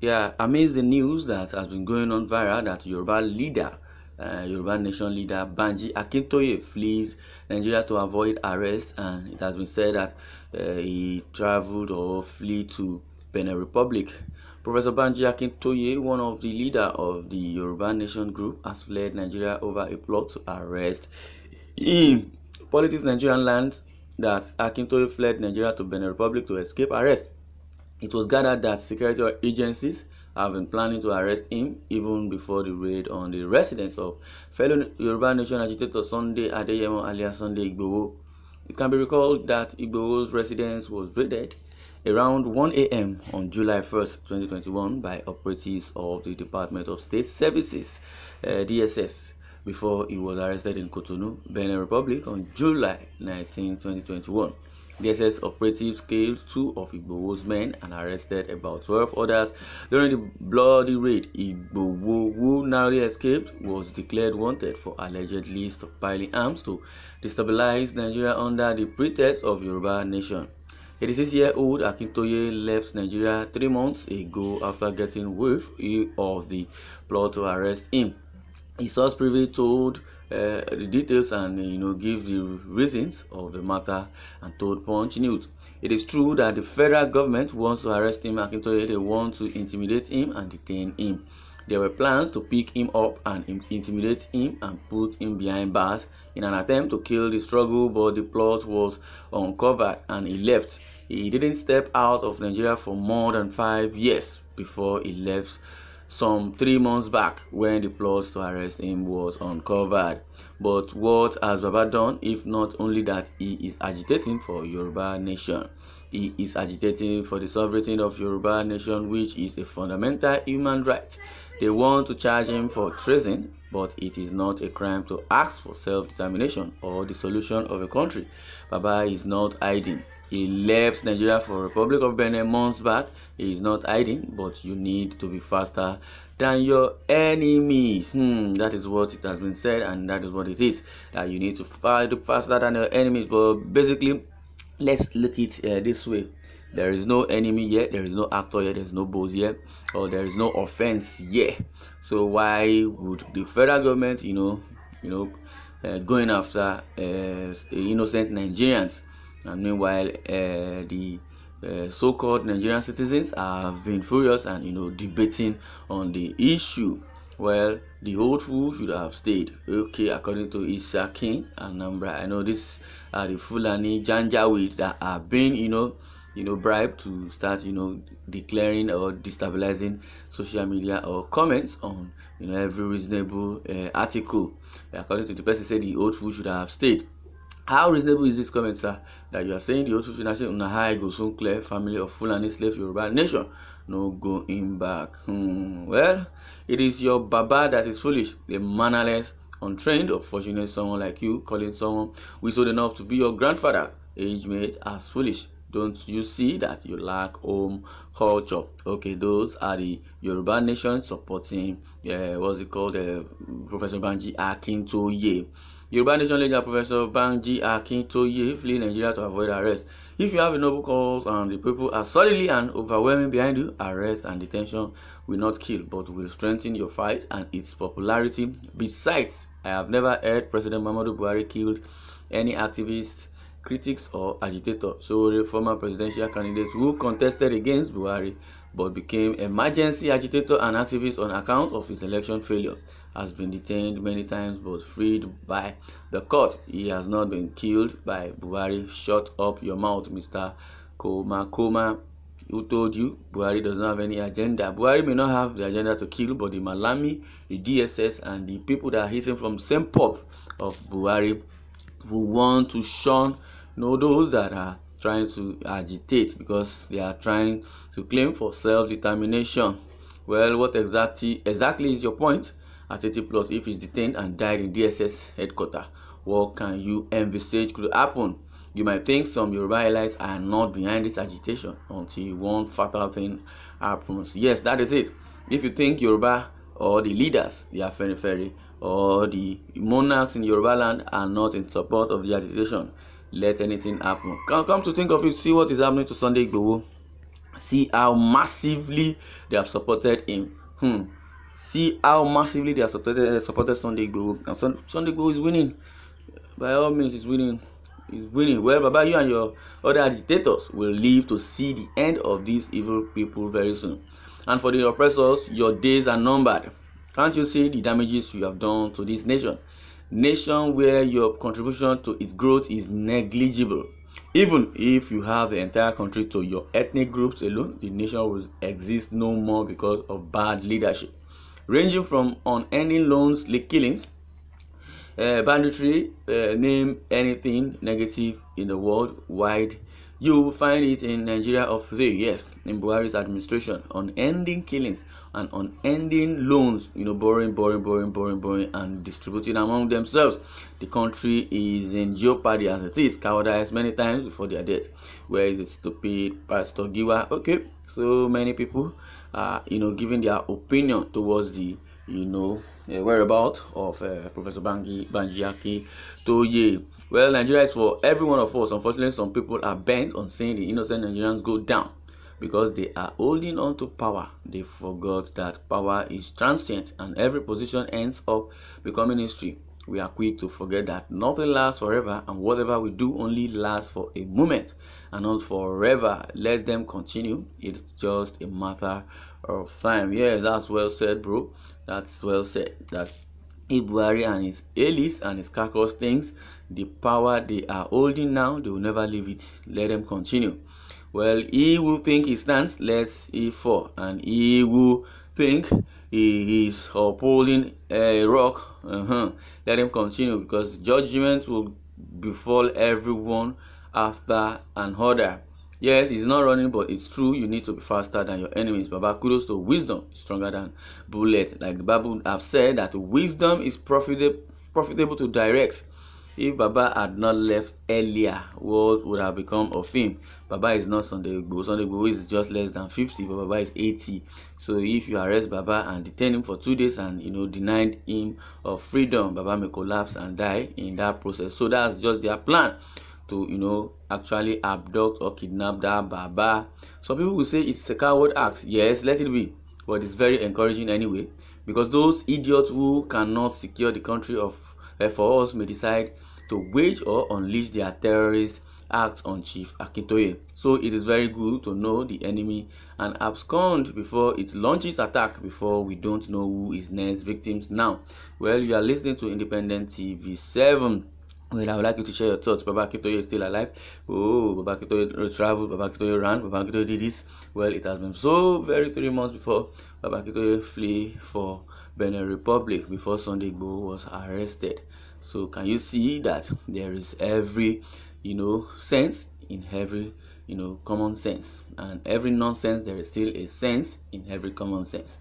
yeah, amazing news that has been going on viral that Yoruba leader, uh, Yoruba nation leader Banji Akintoye flees Nigeria to avoid arrest, and it has been said that uh, he traveled or flee to Benin Republic. Professor Banji Akintoye, one of the leader of the Yoruba Nation Group, has fled Nigeria over a plot to arrest in politics Nigerian land that Akintoye fled Nigeria to Benin Republic to escape arrest. It was gathered that security agencies have been planning to arrest him even before the raid on the residence of fellow Yoruba Nation agitator Sunday Adeyemo alias Sunday Igboho. It can be recalled that Igboho's residence was raided around 1 a.m. on July 1st, 2021 by operatives of the Department of State Services, uh, DSS, before he was arrested in Cotonou, Benin Republic on July 19, 2021. DSS operatives killed two of Igbowo's men and arrested about 12 others. During the bloody raid, Igbowo, who narrowly escaped, was declared wanted for allegedly stockpiling arms to destabilize Nigeria under the pretext of Yoruba nation. 86-year-old Akintoye left Nigeria three months ago after getting whiff of the plot to arrest him. His source privy told Uh, the details and uh, you know give the reasons of the matter and told punch news it is true that the federal government wants to arrest him akintoye they want to intimidate him and detain him there were plans to pick him up and intimidate him and put him behind bars in an attempt to kill the struggle but the plot was uncovered and he left he didn't step out of nigeria for more than five years before he left some three months back when the plot to arrest him was uncovered. But what has Baba done if not only that he is agitating for Yoruba nation? He is agitating for the sovereignty of Yoruba nation, which is a fundamental human right. They want to charge him for treason, but it is not a crime to ask for self-determination or dissolution of a country. Baba is not hiding. He left Nigeria for Republic of Benin months back. He is not hiding, but you need to be faster than your enemies. Hmm, that is what it has been said, and that is what it is. That you need to fight faster than your enemies. But basically, let's look it uh, this way there is no enemy yet there is no actor yet there is no boss yet or there is no offense yet so why would the federal government you know you know uh, going after uh, innocent nigerians and meanwhile uh, the uh, so-called nigerian citizens have been furious and you know debating on the issue Well, the old fool should have stayed. Okay, according to Issa King and Nambra, I know this are the Fulani Janjaweed that have been, you know, you know, bribed to start, you know, declaring or destabilizing social media or comments on, you know, every reasonable uh, article. According to the person, said the old fool should have stayed. How reasonable is this comment, sir? That you are saying the old fool should have stayed on a high, go soon clear family of Fulani slave Yoruba nation no going back. Hmm. Well, it is your baba that is foolish, the mannerless, untrained, unfortunate someone like you calling someone who is old enough to be your grandfather, age mate, as foolish. Don't you see that you lack home culture? Okay, those are the Yoruba nation supporting, uh, what's it called, uh, Professor Banji Akintoye. Yoruba nation leader Professor Banji Akintoye flee Nigeria to avoid arrest. If you have a noble cause and the people are solidly and overwhelming behind you, arrest and detention will not kill but will strengthen your fight and its popularity. Besides, I have never heard President Muhammadu Buhari killed any activists critics or agitators. Sowore, former presidential candidate who contested against Buhari but became emergency agitator and activist on account of his election failure, has been detained many times but freed by the court. He has not been killed by Buhari. Shut up your mouth, Mr. Komakoma. Who told you Buhari does not have any agenda? Buhari may not have the agenda to kill, but the Malami, the DSS, and the people that are hitting from same pot of Buhari who want to shun know those that are trying to agitate because they are trying to claim for self-determination well what exactly exactly is your point at 80 plus if he's detained and died in dss headquarters what can you envisage could happen you might think some yoruba elites are not behind this agitation until one fatal thing happens yes that is it if you think yoruba or the leaders the afenifere or the monarchs in yoruba land are not in support of the agitation let anything happen come come to think of it see what is happening to Sunday Igboho see how massively they have supported him hmm. see how massively they have supported, uh, supported Sunday Igboho and Sun Sunday Igboho is winning by all means he's winning he's winning well baba you and your other agitators will live to see the end of these evil people very soon and for the oppressors your days are numbered can't you see the damages you have done to this nation nation where your contribution to its growth is negligible even if you have the entire country to your ethnic groups alone the nation will exist no more because of bad leadership ranging from unending loans killings uh, banditry, uh, name anything negative in the world wide. You will find it in Nigeria of today, yes, in Buhari's administration, unending killings and unending loans, you know, borrowing, borrowing, borrowing, borrowing, borrowing, and distributing among themselves. The country is in jeopardy as it is, cowardized many times before their death. Where is the stupid Pastor Giwa? Okay, so many people are, you know, giving their opinion towards the you know, uh, whereabout of uh, Professor Banji, Banjiaki Toye. Well, Nigeria is for every one of us. Unfortunately, some people are bent on seeing the innocent Nigerians go down because they are holding on to power. They forgot that power is transient and every position ends up becoming history. we are quick to forget that nothing lasts forever and whatever we do only lasts for a moment and not forever. Let them continue. It's just a matter of time. Yeah, that's well said, bro. That's well said. That's Ibuari and his Elis and his Kakos things, the power they are holding now, they will never leave it. Let them continue. Well, he will think he stands, Let's he fall, and he will think he is pulling a rock, uh-huh. let him continue because judgment will befall everyone after another. Yes, he's not running, but it's true. You need to be faster than your enemies. Baba, kudos to wisdom, stronger than bullet. Like the Bible have said, that wisdom is profitable, profitable to direct If Baba had not left earlier, what would have become of him? Baba is not Sunday Igboho. Sunday Igboho is just less than fifty. but Baba is eighty. So if you arrest Baba and detain him for two days and you know denied him of freedom, Baba may collapse and die in that process. So that's just their plan to you know actually abduct or kidnap that Baba. Some people will say it's a coward act. Yes, let it be, but it's very encouraging anyway because those idiots who cannot secure the country of for us may decide to wage or unleash their terrorist act on Chief Akintoye. So it is very good to know the enemy and abscond before it launches attack before we don't know who is next victims now. Well, you are listening to Independent TV Seven. Well, I would like you to share your thoughts. Baba Akintoye is still alive. Oh, Baba Akintoye eh, traveled. Baba Akintoye ran. Baba Akintoye did this. Well, it has been so very three months before Baba Akintoye flee for Benin Republic before Sunday Igboho was arrested. So, can you see that there is every, you know, sense in every, you know, common sense, and every nonsense there is still a sense in every common sense.